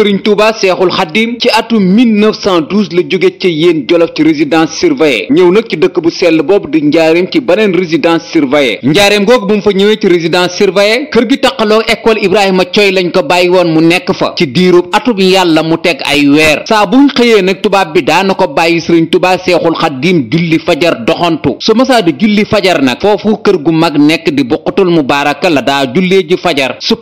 sëriñ Touba Seexul Xaddim ci atum 1912 la jóge ca yéen jolof ci résidence surveillée ñëw nag ci dëkk bu sell boobu di njaareem ci baneen résidence surveillée njaareem googu bu mu fa ñëwee ci résidence surveillée kër gi taqaloo école Ibrahima Coy lañ ko bàyyi woon mu nekk fa ci diirub atub yàlla mu teg ay weer saa xëyee nag tubaab bi daana ko bàyyi sëriñ Touba Seexul Xaddim julli fajar doxantu su masaa di julli fajar nag foofu kër gu mag nekk di buqutul mubaaraka la daa jullee ji fajar su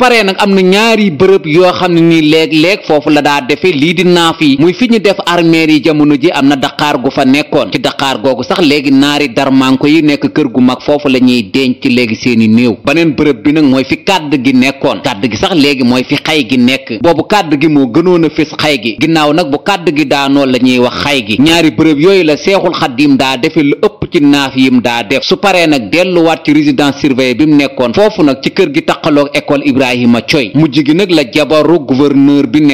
foofu la daa defe lii di naaf yi muy fi ñu def armeer yi jamono ji am na daqaar gu fa nekkoon ci daqaar googu sax léegi naari darmanko yi nekk kër gu mag foofu la ñuy denc léegi seeni néew baneen bërëb bi nag mooy fi kàdd gi nekkoon kàdd gi sax léegi mooy fi xay gi nekk boobu kàdd gi moo gënoon a fés xay gi ginnaaw nag bu kàdd gi daanoo la ñuy wax xay gi ñaari bërëb yooyu la seexul xaddiim daa defe lu ëpp ci naaf yim daa def su paree nag delluwaat ci résidence surveillée bi mu nekkoon foofu nag ci kër gi taqaloog école Ibrahima Coy mujj gi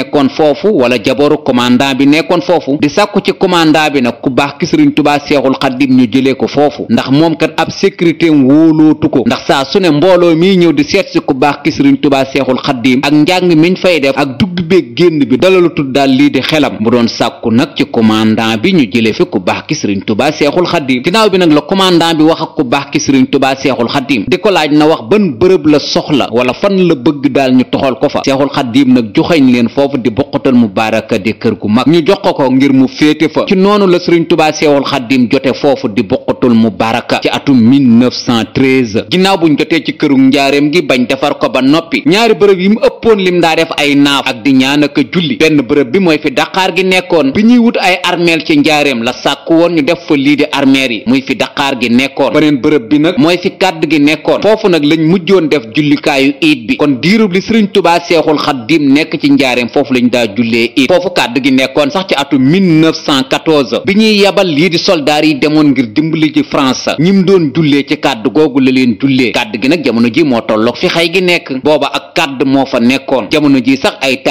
nekkoon foofu wala jaboru commandant bi nekkoon foofu di sàkku ci commandant bi nag ku baax ki sëriñ tubaa seexul xaddim ñu jëlee ko foofu ndax moom kat ab sécurité wóolootu ko ndax saa sune ne mbooloo miy ñëw di seet si ku baax ki sëriñ tubaa seexul xaddim ak njàng miñ fay def ak dugg dugg beeg génn bi dalalutul daal lii di xelam mu doon sàkku nag ci commandant bi ñu jëlee fi ku baax ki sëriñ tubaa seexul xaddim ginnaaw bi nag la commandant bi wax ak ku baax ki sëriñ tubaa seexul xaddim di ko laaj na wax ban bërëb la soxla wala fan la bëgg daal ñu toxal ko fa seexul xaddim nag joxeñ leen foofu di boqatal mu baaraka di kër gu mag ñu jox ko ko ngir mu féete fa ci noonu la sëriñ tubaa seexul xaddim jote foofu di boqatul mu baaraka ci atum 1913 ginnaaw buñ jotee ci këru njaareem gi bañ defar ko ba noppi ñaari bërëb yi mu ëppoon lim daa def ay naaf ak di ñaan ak julli benn bërëb bi mooy fi daqaar gi nekkoon bi ñuy wut ay armeel ci njaareem la sàkk woon ñu def fa lii di armeel yi muy fi daqaar gi nekkoon beneen bërëb bi nag mooy fi kàdd gi nekkoon foofu nag lañ mujjoon def jullikaayu iid bi kon diirub li sëriñ tubaa seexul xaddiim nekk ci njaareem foofu lañ daa jullee iid foofu kàdd gi nekkoon sax ci atu 1914 bi ñuy yebal lii di soldaar yi demoon ngir dimbali ci France ñim doon jullee ci kàdd googu la leen jullee kàdd gi nag jamono ji moo tolloog fi xay gi nekk booba ak kàdd moo fa nekkoon jamono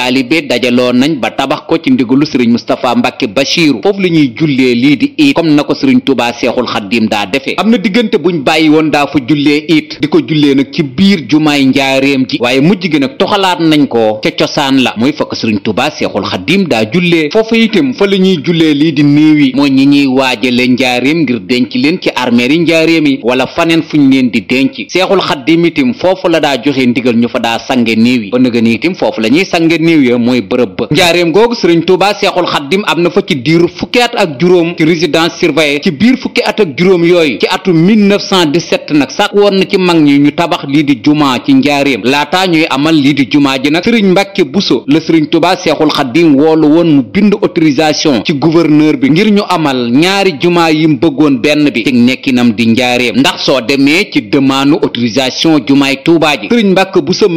taalibe dajaloo nañ ba tabax ko ci ndigalu sëriñ Moustapha Mbàkke Bachiru foofu la ñuy jullee lii di iit comme na ko sëriñ Tuubaa Seexul Xaddiim daa defee am na diggante buñ bàyyi woon daa fa jullee iit di ko jullee nag ci biir jumaay njaareem ji waaye mujj gi nag toxalaat nañ ko ca cosaan la muy fakk sëriñ Tuubaa Seexul Xaddiim daa jullee foofa itam fa la ñuy jullee lii di néew yi mooy ñi ñuy waajale njaareem ngir denc leen ci armeel yi njaareem yi wala faneen fuñ leen di denc seexul xaddiim itam foofu la daa joxe ndigal ñu fa daa sange néew yi ba nëga ni itam foofu la sange néew néew ya mooy bërëb ba njaareem googu sëriñ Touba seexul xaddim am na fa ci diiru fukki at ak juróom ci résidence surveillée ci biir fukki at ak juróom yooyu ci atu 1917 nag sàkk woon na ci mag ñi ñu tabax lii di jumaa ci njaareem laataa ñuy amal lii di jumaa ji nag sëriñ Mbàkke Buso la sëriñ Touba seexul xaddim woolu woon mu bind autorisation ci gouverneur bi ngir ñu amal ñaari jumaa yi mu bëggoon benn bi ci nekkinam di njaareem ndax soo demee ci demaanu autorisation jumaay Touba ji sëriñ Mbàkke Buso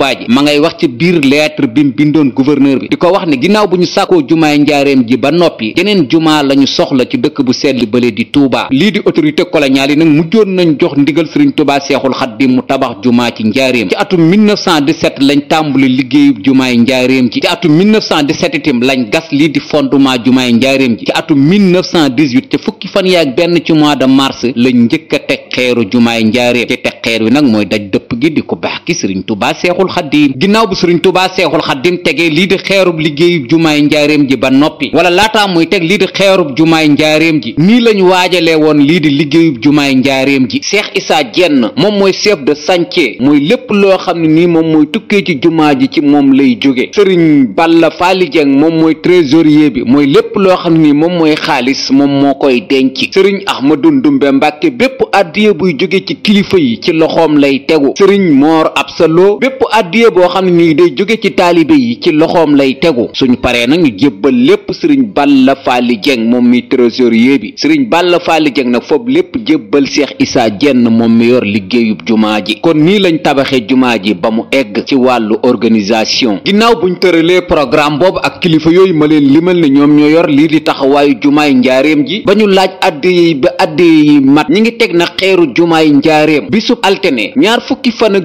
Touba ngay wax ci biir lettre bi mu bindoon gouverneur bi di ko wax ne ginnaaw bu ñu sàkkoo jumaay njaareem ji ba noppi yeneen jumaa la ñu soxla ci dëkk bu sell bële di Touba lii di autorité coloniale yi nag mu mujjoon nañ jox ndigal Serigne Touba Seexul di mu tabax jumaa ci njaareem ci atum 1917 lañ tàmbali liggéeyu jumaay njaareem ji ci atum 1917 itam lañ gas lii di fondement jumaay njaareem ji ci atum 1918 ca fukki fan yaa benn ci mois de mars lañ njëkk a teg xeeru jumaay njaareem ci teg xeer wi nag mooy daj dëpp gi di ko baax xaddiim ginnaaw bu sëriñ tubaa seexul xaddiim tegee lii di xeerub liggéeyub jumaay njaaréem ji ba noppi wala laataa muy teg lii di xeerub jumaay njaaréem ji nii lañ waajalee woon lii di liggéeyub jumaay njaaréem ji seex isaa jenn moom mooy chef de chantier mooy lépp loo xam ne nii moom mooy tukkee ci jumaa ji ci moom lay jóge sëriñ balla faali jeng moom mooy trésorier bi mooy lépp loo xam ne nii moom mooy xaalis moom moo koy denc sëriñ ahmadu ndumbe mbàkke bépp addiya buy jóge ci kilifa yi ci loxoom lay tegu sëriñ moor absalo bépp addiya goo xam ne nii day jóge ci taalibe yi ci loxoom lay tegu suñu paree nag ñu jébbal lépp sëriñ Balla Faali Jeng moom mi trésorier bi sëriñ Balla Faali Jeng nag foofu lépp jébbal Cheikh Issa jenn moom mi yor liggéeyub jumaa ji kon nii lañ tabaxee jumaa ji ba mu egg ci wàllu organisation ginnaaw buñ tëralee programme boobu ak kilifa yooyu ma leen limal ne ñoom ñoo yor lii di taxawaayu jumaay njaareem ji ba ñu laaj addiya yi ba addiya yi mat ñi ngi teg na xeeru jumaay njaareem bisub altene ñaar fukki fan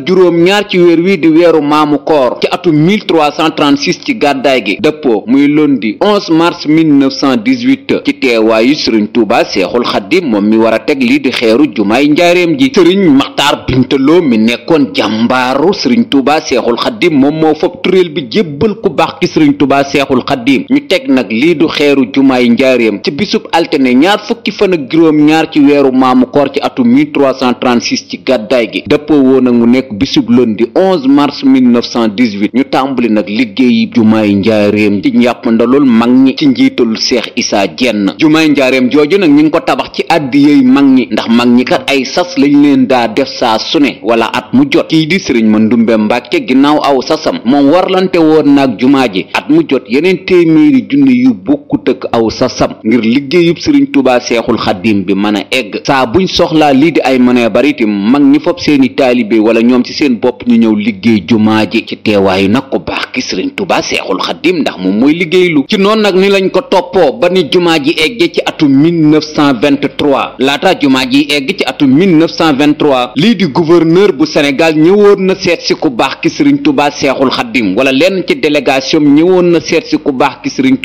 weeru maamu koor ci atum 1336 ci gàddaay gi dëppoo muy lundi 11 mars 1918 ci teewaayu sëriñ Touba Seexul Xaddim moom mi war a teg lii di xeeru jumaay njaareem ji sëriñ Maxtaar Bintaloo mi nekkoon jàmbaaru sëriñ Touba Seexul Xaddim moom moo fob turéel bi jébbal ku baax ci sëriñ Touba Seexul Xaddim ñu teg nag lii du xeeru jumaay njaareem ci bisub altine ñaar fukki fan ak juróom-ñaar ci weeru maamu koor ci atum 1336 ci gàddaay gi dëppoo woon ak mu nekk bisub lundi 11 mars 1918 ñu tàmbali nag liggéeyi jumaay njaareem ci njàppandalul mag ñi ci njiitul seex isaa jenn jumaay njaareem jooju nag ñu ngi ko tabax ci àddiyey mag ñi ndax mag ñi kat ay sas lañ leen daa def saa su ne wala at mu jot kii di sëriñ ma ndumbe mbàkke ginnaaw aw sasam moom warlante woon naag jumaa ji at mu jot yeneen téeméeri junni yu bokk tëkk aw sasam ngir liggéeyub sëriñ tubaa seexul xaddim bi mën a egg saa buñ soxlaa lii di ay mënee baritim mag ñi fop seeni taalibe wala ñoom ci seen bopp ñu ñëw liggéey jumaa ji ci teewaayu nag ko baax ki sëriñ tubaa seexul xaddim ndax moom mooy liggéeylu ci noonu nag ni lañ ko toppoo ba ni jumaa ji egge ci atum 1923 laata jumaa ji egg ci atum 1923 lii di gouverneur bu Sénégal ñëwoon na seet si ku baax ki sëriñ tubaa seexul xaddim wala lenn ci délégation ñëwoon na ku baax ki sëriñ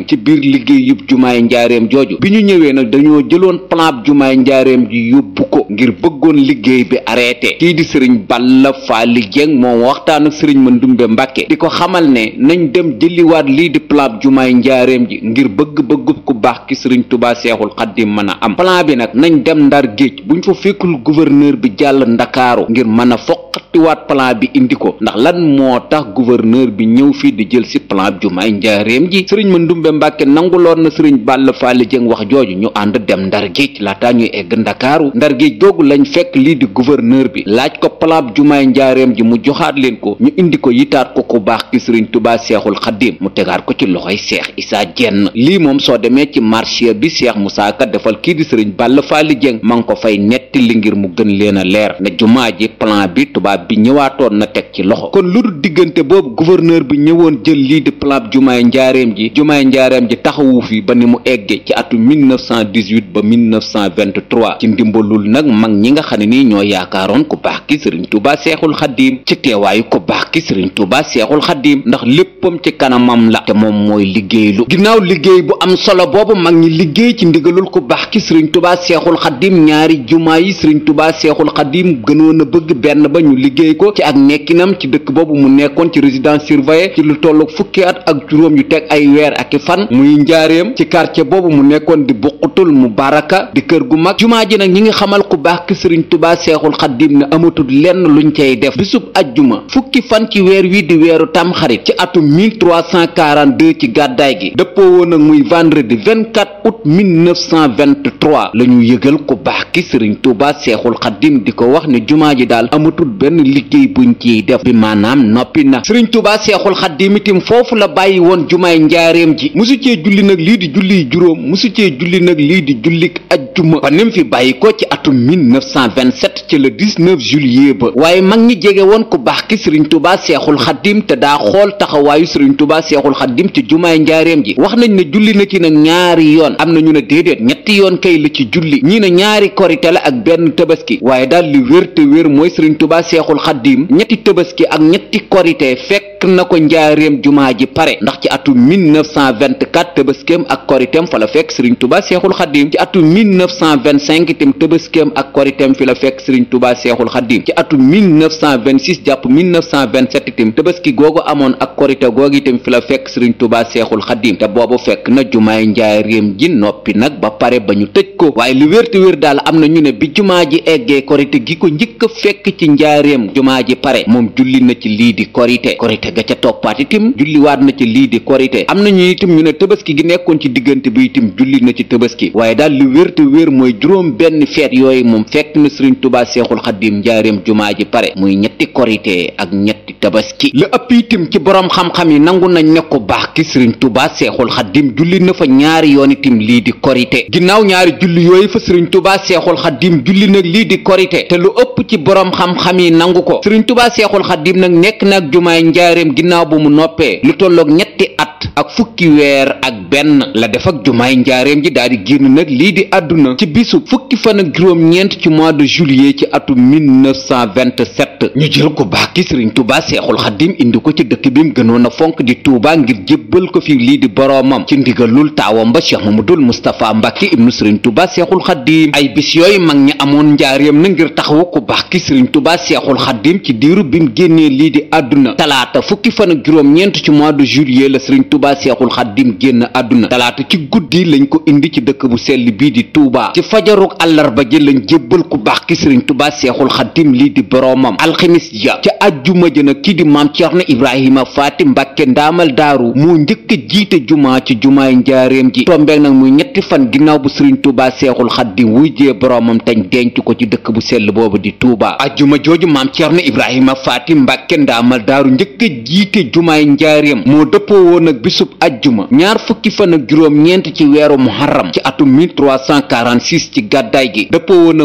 Karim ci biir liggéeyub jumaay njaareem jooju bi ñu ñëwee nag dañoo jëloon plan b jumaay njaareem ji yóbbu ko ngir bëggoon liggéey bi arrêté kii di sëriñ Balla Faali Jeng moom waxtaan ak sëriñ Mandumbe Mbàkke di ko xamal ne nañ dem jëliwaat lii di plan b jumaay njaareem ji ngir bëgg-bëggub ku baax ki sëriñ Tuubaa Seexul Xaddim mën a am plan bi nag nañ dem Ndar géej bu buñ fa fekkul gouverneur bi jàll Ndakaaru ngir mën a foqatiwaat plan bi indi ko ndax lan moo tax gouverneur bi ñëw fii di jël si plan Ndumbe Mbàkke nanguloon na sëriñ Balla Faali Jëng wax jooju ñu ànd dem ndar géej laataa ñuy egg ndakaaru ndar géej googu lañ fekk lii di gouverneur bi laaj ko palaab jumaay njaareem ji mu joxaat leen ko ñu indi ko yitaat ko ku baax ki sëriñ Tubaa Seexul Xaddiim mu tegaat ko ci loxo loxoy Seex Isaa Jenn lii moom soo demee ci marché bi Seex Musaa Ka defal kii di sëriñ ball Faali Jëng ma ngi ko fay netti li ngir mu gën leen a leer ne jumaa ji plan bi tubaab bi na teg ci loxo kon lu diggante jaareem ji taxawu fi ba ni mu egge ci atu 1918 ba 1923 ci ndimbalul nag mag ñi nga xam ne nii ñoo yaakaaroon ku baax ki sëriñ Tuubaa Seexul Xaddiim ci teewaayu ku baax ki sëriñ Tuubaa Seexul Xaddiim ndax léppam ci kanamam la te moom mooy liggéeylu ginnaaw liggéey bu am solo boobu mag ñi liggéey ci ndigalul ku baax ki sëriñ Tuubaa Seexul Xaddiim ñaari jumaa yi sëriñ Tuubaa Seexul Xaddiim gënoon a bëgg benn ba ñu liggéey ko ci ak nekkinam ci dëkk boobu mu nekkoon ci résidence surveillée ci lu tollu fan muy njaareem ci quartier boobu mu nekkoon di buqutul mu baraka di kër gu mag jumaa ji nag ñi ngi xamal ku baax ki sëriñ tubaa seexul xaddim ne amatul lenn lu luñ cay def bisub ajjuma fukki fan ci weer wi di weeru tamxarit ci atum 1342 ci gàddaay gi dëppoo woon ak muy vendredi 24 août 1923 la ñu yëgal ko baax ki sëriñ tubaa seexul xaddim di ko wax ne jumaa ji daal amatul benn liggéey buñ ciy def bi maanaam noppi na sëriñ tubaa seexul xaddim foofu la bàyyi woon jumaay musu cee julli nag lii di julli juróom musu cee julli nag lii di jullik ajjuma ba nim fi bàyyi ko ci atum 1927 ci le 19 juillet ba waaye mag ñi jege woon ku baax ki sëriñ tubaa seexul xaddim te daa xool taxawaayu sëriñ tubaa seexul xaddim ci jumaay njaareem ji wax nañ ne julli na ci nag ñaari yoon am na ñu ne déedéet ñetti yoon kay la ci julli ñii ne ñaari korite la ak benn tabaski waaye daal li wér te wér mooy sëriñ tubaa seexul xaddim ñetti tabaski ak ñetti korite fekk fekk na ko njaareem jumaa ji pare ndax ci atu 1924 tëbëskeem ak koritem fa la fekk sëriñ tuba seexul xaddim ci atu 1925 itam tëbëskeem ak koritem fi la fekk sëriñ tuba seexul xaddim ci atu 1926 jàpp 1927 itam tëbëski googu amoon ak korite googu itam fi la fekk sëriñ tuba seexul xaddim te boobu fekk na jumaay njaareem ji noppi nag ba pare ba ñu tëj ko waaye lu wér te wér daal am na ñu ne bi jumaa ji eggee korite gi ko njëkk fekk ci njaareem jumaa ji pare moom julli na ci lii di korite korite ga ca toppaat itim julliwaat na ci lii di korite am na ñu itim ñu ne tëbaski gi nekkoon ci diggante bi itim julli na ci tëbaski waaye daal li wér te wér mooy juróom benn feet yooyu moom fekk na sëriñ tubaa seexul xaddim njaareem jumaa ji pare muy ñetti korite ak ñetti tabaski la ëpp itam ci boroom xam-xam yi nangu nañ ne ku baax ki sëriñ tubaa seexul xaddim julli na fa ñaari yoon itam lii di korite ginnaaw ñaari julli yooyu fa sëriñ tubaa seexul xaddim julli nag lii di korite te lu ëpp ci boroom xam-xam yi nangu ko sëriñ tubaa seexul xaddim nag nekk nag ak jumaay njaareem ginnaaw bu mu noppee lu tolloog ñetti at ak fukki weer ak benn la def ak jumaay njaareem ji daal di génn nag lii di àdduna ci bisu fukki fan ak juróom ci mois de juillet ci natt ñu jël ku baax ki sëriñ Touba seexul xaddim indi ko ci dëkk bi mu gënoon a fonk di Touba ngir jébbal ko fi lii di boroomam ci ndigalul taawam ba Cheikh Mamadul Moustapha Mbàkke ibnu sëriñ Touba seexul xaddim ay bis yooyu mag ñi amoon njaareem na ngir taxawu ku baax ki sëriñ Touba seexul xaddim ci diiru bi mu génnee lii di àdduna talaata fukki fan ak juróom-ñeent ci mois de juillet la sëriñ Touba seexul xaddim génn àdduna talaata ci guddi lañ ko indi ci dëkk bu sell bii di Touba ci fajaruk àllarba ji lañ jébbal ku baax ki sëriñ Touba seexul alxemis ja ca ajjuma ja nag kii di maam Cerno Ibrahima Faati Mbàkke ndaamal daaru moo njëkk a jiite jumaa ci jumaay njaareem ji tombeeg nag muy ñetti fan ginnaaw bu Sëriñ Tuubaa Seexul Xadiim wujjee boromam tañ denc ko ci dëkk bu sell boobu di Tuubaa ajjuma jooju maam Cerno Ibrahima Faati Mbàkke ndaamal daaru njëkk a jiite jumaay njaareem moo dëppoo woon nag bisub ajjuma ñaar fukki fan ak juróom-ñeent ci weeru muharram ci atum ci gàddaay gi dëppoo woon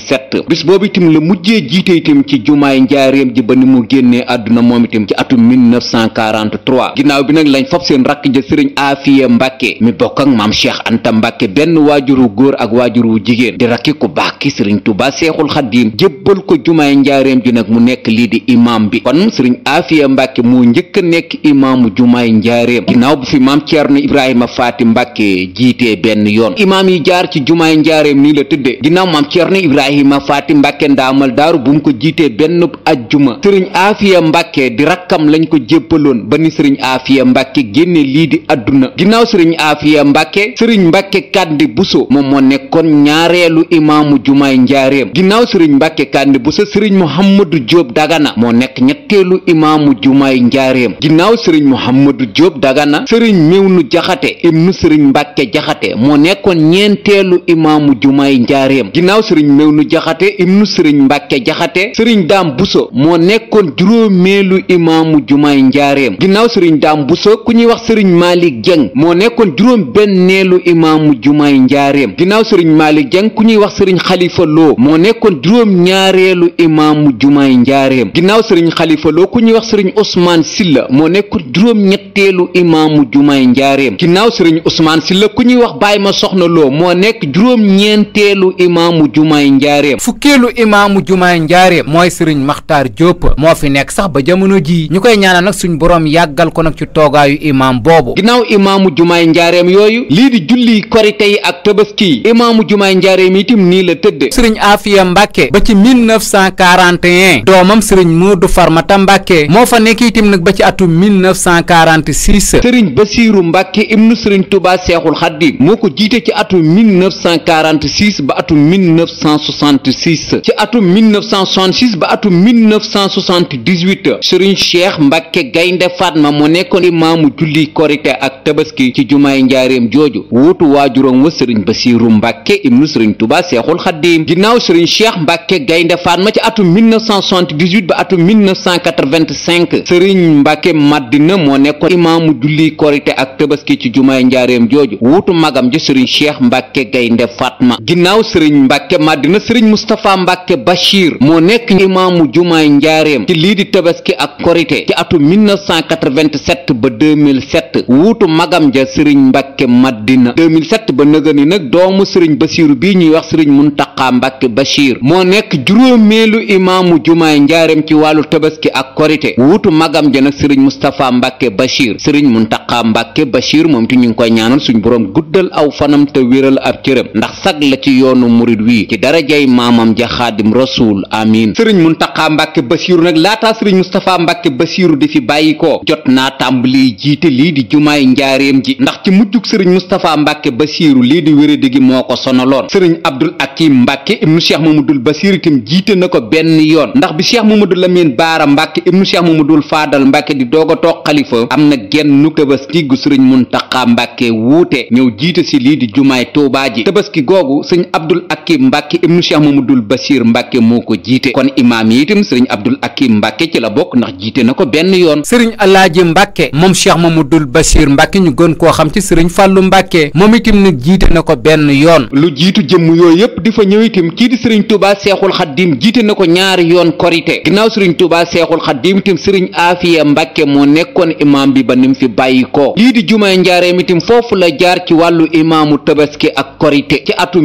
1957 bis boobu itam la mujjee jiite itam ci jumaay njaareem ji ba ni mu génnee àdduna moom itam ci atum 1943 ginnaaw bi nag lañ fop seen rakk ja sëriñ Afiye Mbàkke mi bokk ak maam Cheikh Anta Mbàkke benn waajur waajuru góor ak wu jigéen di rakki ku baax ki sëriñ Tuubaa Seexul Xadiim jébbal ko jumaay njaareem ji nag mu nekk lii di imaam bi kon sëriñ Afiye Mbàkke moo njëkk a nekk imaamu jumaay njaareem ginnaaw bu fi maam Ceerno Ibrahima Faati Mbàkke jiitee benn yoon imaam yi jaar ci ibrahima faati mbàkke ndaamal daaru bu mu ko jiitee benn ajjuma sëriñ aafiya mbàkke di rakkam lañ ko jébbaloon ba ni sëriñ aafiya mbàkke génne lii di àdduna ginnaaw sëriñ aafiya mbàkke sëriñ mbàkke bu buso moom moo nekkoon ñaareelu imaamu jumaay njaareem ginnaaw sëriñ mbàkke kàndi buso sëriñ mohamadu jóob dagana moo nekk ñetteelu imaamu jumaay njaareem ginnaaw sëriñ mohamadu jóob dagana sëriñ miwnu jaxate ibnu sëriñ mbàkke jaxate moo nekkoon ñeenteelu imaamu jumaay njaareem ginnaaw Seynu Jaxate ibnu sëriñ Mbàkke Jaxate sëriñ Daam Buso moo nekkoon juróomeelu imaamu jumaay njaareem ginnaaw sëriñ Daam Buso ku ñuy wax sëriñ Maalik Jeng moo nekkoon juróom benneelu imaamu jumaay njaareem ginnaaw sëriñ Maalik Jeng ku ñuy wax sëriñ Xalifa Loo moo nekkoon juróom ñaareelu imaamu jumaay njaareem ginnaaw sëriñ Xalifa Loo ñuy wax sëriñ Ousmane Silla moo nekkoon juróom ñetteelu imaamu ma soxna Loo moo nekk juróom ñeenteelu imaamu jumaay njaareem fukkeelu imaamu jumaay njaareem mooy sëriñ maxtaar Diop moo fi nekk sax ba jamono jii ñu koy ñaanal nag suñ borom yàggal ko nag ci toogaayu imaam boobu ginnaaw imaamu jumaay njaareem yooyu lii di julli korite yi ak tabaski yi imaamu jumaay njaareem itam nii la tëdd sëriñ Afia Mbàkke ba ci 1941 doomam sëriñ Moodu Farmata Mbàkke moo fa nekk itam nag ba ci atu 1946 sëriñ Basiiru Mbàkke ibnu sëriñ Tuubaa Seexul Xaddim moo ko jiite ci atu 1946 ba atu 1960 1966 ci atum 1966 ba atum 1978 Serigne Cheikh Mbacke Gaynde Fatma moo nekkoon imaamu julli korite ak tabaski ci jumaay njaareem jooju wuutu waajuram wa Serigne Bassirou Mbacke ibnu Serigne Touba Seexul Xaddiim ginnaaw Serigne Cheikh Mbacke Gaynde Fatma ci atum 1978 ba atum 1985 Serigne Mbacke Madina moo nekkoon imaamu julli korite ak tabaski ci jumaay njaareem jooju wuutu magam ji Serigne Cheikh Mbacke Gaynde Fatma ginnaaw Serigne Mbacke Madina la sëriñ Moustapha Mbàkke Bachir moo nekk imaamu jumaay njaareem ci lii di tabaski ak korite ci atu 1987 ba 2007 wuutu magam ja sëriñ Mbàkke Madina 2007 ba nëgëni nag doomu sëriñ bashir bi ñuy wax sëriñ Muntaqa Mbàkke Bachir moo nekk juróomeelu imaamu jumaay njaareem ci wàllu tabaski ak korite wuutu magam ja nag sëriñ Moustapha Mbàkke Bachir sëriñ Muntaqa Mbàkke Bachir moom ci ñu ngi koy ñaanal suñu boroom guddal aw fanam te wéral ab cëram ndax sag la ci yoonu murid wi ci darajay maamam ja xaadim rasuul amin sëriñ muntaxa mbàkke basiiru nag laataa sëriñ mustapha mbàkke basiiru di fi bàyyi ko jot naa tàmbali jiite lii di jumaay njaareem ji ndax ci mujjug sëriñ mustapha mbàkke basiiru lii di wéradi gi moo ko sonaloon sëriñ abdul akim mbàkke ibnu cheikh mamadul basiir itam jiite na ko benn yoon ndax bi seex cheikh mamadul lamin baara mbàkke ibnu cheikh mamadul faadal mbàkke di doog a toog xalifa am na genn nu tabaski gu sëriñ muntaxa mbàkke wuute ñëw jiite si lii di jumaay tuubaa ibnu cheikh mamadul basir mbàkke moo ko jiite kon imaam yi itam ko benn yoon sëriñ alaaji mbàkke moom cheikh mamadul basir mbàkke ñu gën koo xam ci sëriñ fàllu mbàkke moom itam nag jiite na ko benn yoon lu jiitu jëmm yooyu yépp di fa ñëw itam kii di sëriñ tubaa seexul xaddim jiite na ko ñaari yoon korite ginnaaw sëriñ tubaa seexul xaddim itam sëriñ aafiya mbàkke moo nekkoon imaam bi ba nim fi bàyyi ko lii di jumaa njaareem itam foofu la jaar ci wàllu imaamu tabaski ak korite ci atu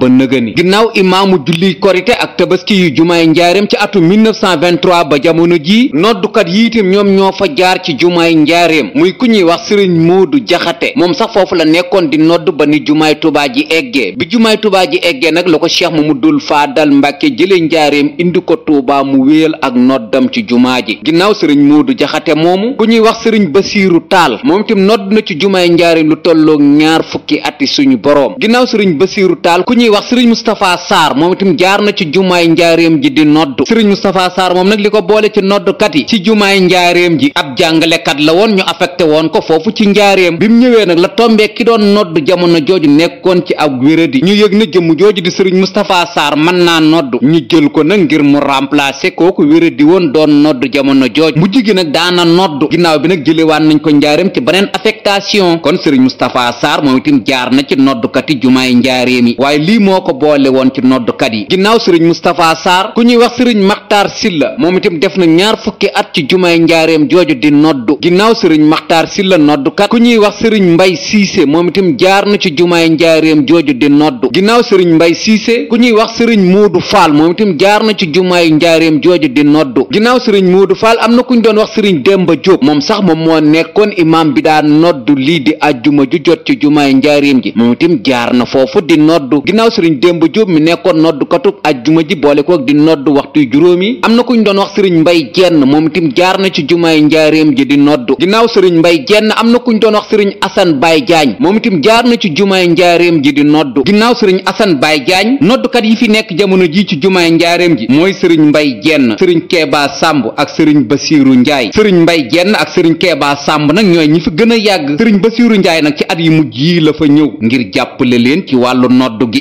ba nëgëni ginnaaw imaamu julli korite ak tabaski yu jumaa jumaay njaareem ci atu 1923 ba jamono ji noddukat yi itam ñoom ñoo fa jaar ci jumaay njaareem muy ku ñuy wax sëriñ du Jaxate moom sax foofu la nekkoon di nodd ba ni jumaay tubaa ji eggee bi jumaay tubaa ji eggee nag la ko cheikh Mamadul Faadal Mbàkke jële njaareem indi ko tuubaa mu wéel ak noddam ci jumaa ji ginnaaw sëriñ du Jaxate moomu ku ñuy wax sëriñ Basiiru Taal moom itam nodd na ci jumaay njaareem lu tolloog ñaar fukki ati suñu boroom ginnaaw sëriñ Basiiru Taal ku ñuy wax sëriñ Moustapha Sarr moom itam jaar na ci jumaay njaareem ji di nodd sëriñ Moustapha Sarr moom nag li ko boole ci noddkat yi ci jumaay njaareem ji ab jàngalekat la woon ñu affecté woon ko foofu ci njaareem bi mu ñëwee nag la tombee doon nodd jamono jooju nekkoon ci ab wéradi ñu yëg ne jëmm jooju di sëriñ Moustapha Sarr naa nodd ñu jël ko nag ngir mu remplacer kooku wéradi woon doon nodd jamono jooju mu jigi nag daana ginnaaw bi nag jëlewaan nañ ko njaareem ci beneen affectation kon sëriñ Moustapha Sarr moom itam jaar na ci noddkat yi jumaay njaareem yi waaye lii moo ko boole woon ci noddkat yi ginnaaw sëriñ Moustapha saar ku ñuy wax sëriñ Makhtar Silla moom itam def na ñaar fukki at ci jumaay njaareem jooju di noddu ginnaaw sëriñ Makhtar Silla noddkat ku ñuy wax sëriñ Mbay Siise moom itam jaar na ci jumaay njaareem jooju di noddu ginnaaw sëriñ Mbay Siise ku ñuy wax sëriñ Moodu Faal moom itam jaar na ci jumaay njaareem jooju di noddu ginnaaw sëriñ Moodu Faal am na ku ñu doon wax sëriñ Demba Diop moom sax moom moo nekkoon imaam bi daan noddu lii di ajjuma ju jot ci jumaay njaareem ji moom itam jaar na foofu di noddu ginnaaw sëriñ Demba Diop mi nekkoon noddukatub ajjuma ji boole ko di nodd waxtu juróom yi am na kuñ doon wax sëriñ mbay jenn moom itam jaar na ci jumaay njaareem ji di nodd ginnaaw sëriñ mbay jenn am na kuñ doon wax sëriñ asan baay jaañ moom itam jaar na ci jumaay njaareem ji di nodd ginnaaw sëriñ asan baay jaañ noddkat yi fi nekk jamono ji ci juma njaareem ji mooy sëriñ mbay jenn sëriñ keebaa sàmb ak sëriñ basiiru njaay sëriñ mbay jenn ak sëriñ keebaa sàmb nag ñooy ñi fi gën a yàgg sëriñ basiiru njaay nag ci yi la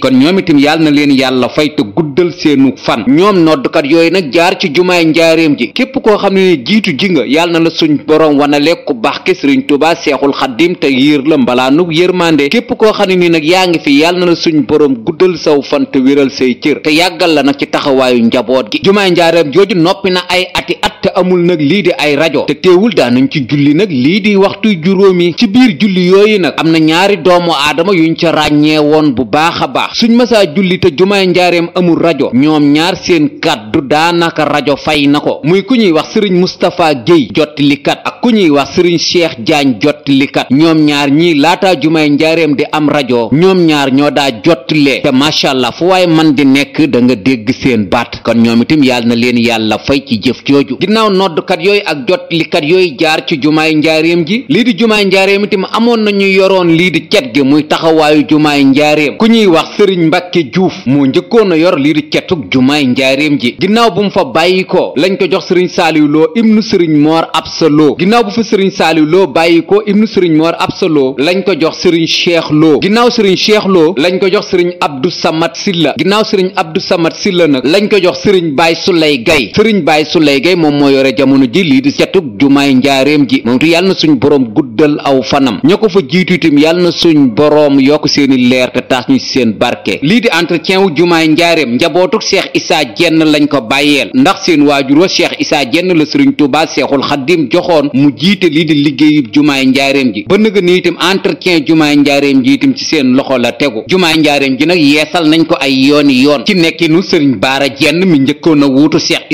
kon ñoom itam na leen yàlla fay te guddal seenu fan ñoom noddkat yooyu nag jaar ci jumaay njaareem ji képp koo xam ne jiitu ji nga yàlla na la suñ borom wanale ku baax ki riñ tubaa seexul xaddim te yiir la mbalaanu yërmande képp koo xam ne nii nag yaa ngi fi yàlla na la suñ boroom guddal saw fan te wéral say cër te yàggal la nag ci taxawaayu njaboot gi jumaay njaareem jooju noppi na ay ati at te amul nag lii di ay rajo te teewul daanañ ci julli nag lii di waxtu juróomi ci biir julli yooyu nag am na ñaari doomu aadama yuñ ca ràññee woon bu baax a baax suñ masaa julli te jumaay njaareem amul rajo ñoom ñaar seen kàddu daanaka rajo fay na ko muy ku ñuy wax sëriñ Moustapha Guèye jottalikat ak ku ñuy wax sëriñ Cheikh Diagne jottalikat ñoom ñaar ñii laataa jumaay njaareem di am rajo ñoom ñaar ñoo daa jottalee te macha fu waaye man di nekk danga dégg seen baat kon ñoom itam yàlla na leen yàlla fay ci jëf jooju ginnaaw noddukat yooyu ak jotlikat yooyu jaar ci jumaay njaareem ji lii di jumaay njaareem itam amoon na ñu yoroon lii di cet gi muy taxawaayu jumaay njaareem ku ñuy wax sëriñ mbàkke juuf moo njëkkoon a yor lii di cetuk jumaay njaareem ji ginnaaw bu mu fa bàyyi ko lañ ko jox sëriñ saaliw loo ibnu sëriñ moor absa loo ginnaaw bu fa sëriñ saaliw loo bàyyi ko ibnu sëriñ moor absa loo lañ ko jox sëriñ cheikh loo ginnaaw sëriñ cheikh loo lañ ko jox sëriñ abdou samat silla ginnaaw sëriñ abdou samat silla nag lañ ko jox sëriñ baay sulay gay sëriñ baay sulay gay moom moo yore jamono ji lii di setug jumaay njaareem ji moom tu yàlla na suñ boroom guddal aw fanam ña ko fa jiitu itam yàlla na suñ boroom yokk seeni leer te taas ñu seen barke lii di entretien wu jumaay njaareem njabootug cheikh isaa jenn lañ ko bàyyeel ndax seen waajur wa cheikh isaa jenn la sëriñ tuubaa seexul xaddim joxoon mu jiite lii di liggéeyub jumaay njaareem ji ba nëga ni itam entretien jumaay njaareem ji itam ci seen loxo la tegu jumaay njaareem ji nag yeesal nañ ko ay yooni yoon ci nekkinu sëriñ baara jenn mi njëkkoon a wuutu cheikh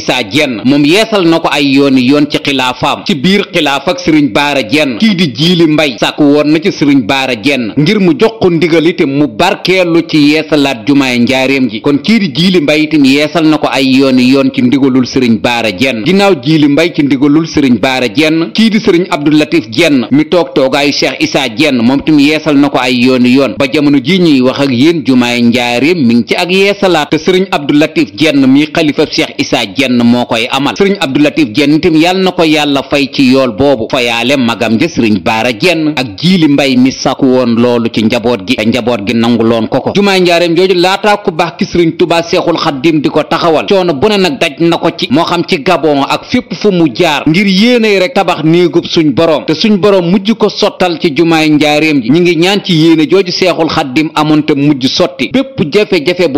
na ko ay yooni yoon biir xilaaf ak sëriñ baara jenn di jiili mbay sàkk woon na ci sëriñ jenn ngir mu jox ko ndigal itam mu barkeelu ci yeesalaat jumaay njaareem ji kon kii di jiili mbay itam yeesal na ko ay yooni yoon ci ndigalul sëriñ baara jenn ginnaaw jiili mbay ci ndigalul sëriñ baara jenn kii di sëriñ abdulatif jenn mi toog toogaayu cheikh isaa jenn moom itam yeesal na ko ay yooni yoon ba jamono ji ñuy wax ak yéen jumaay njaareem mi ngi ci ak yeesalaat te sëriñ abdulatif jenn mi xalifab cheikh isaa jenn moo koy amal Latif Jenn itam yàlla na ko yàlla fay ci yool boobu fayaale magam ja sëriñ baara jenn ak jiili mbay mi sàkku woon loolu ci njaboot gi njaboot gi nangu loon ko ko jumaay njaareem jooju laataa ku baax ki sëriñ tubaa seexul xaddim di ko taxawal coono bu ne nag daj na ko ci moo xam ci gabon ak fépp fu mu jaar ngir yéene rek tabax néegub suñ boroom te suñ boroom mujj ko sottal ci jumaay njaareem ji ñu ngi ñaan ci yéene jooju seexul xaddim amoon te mujj sotti bépp jafe-jafe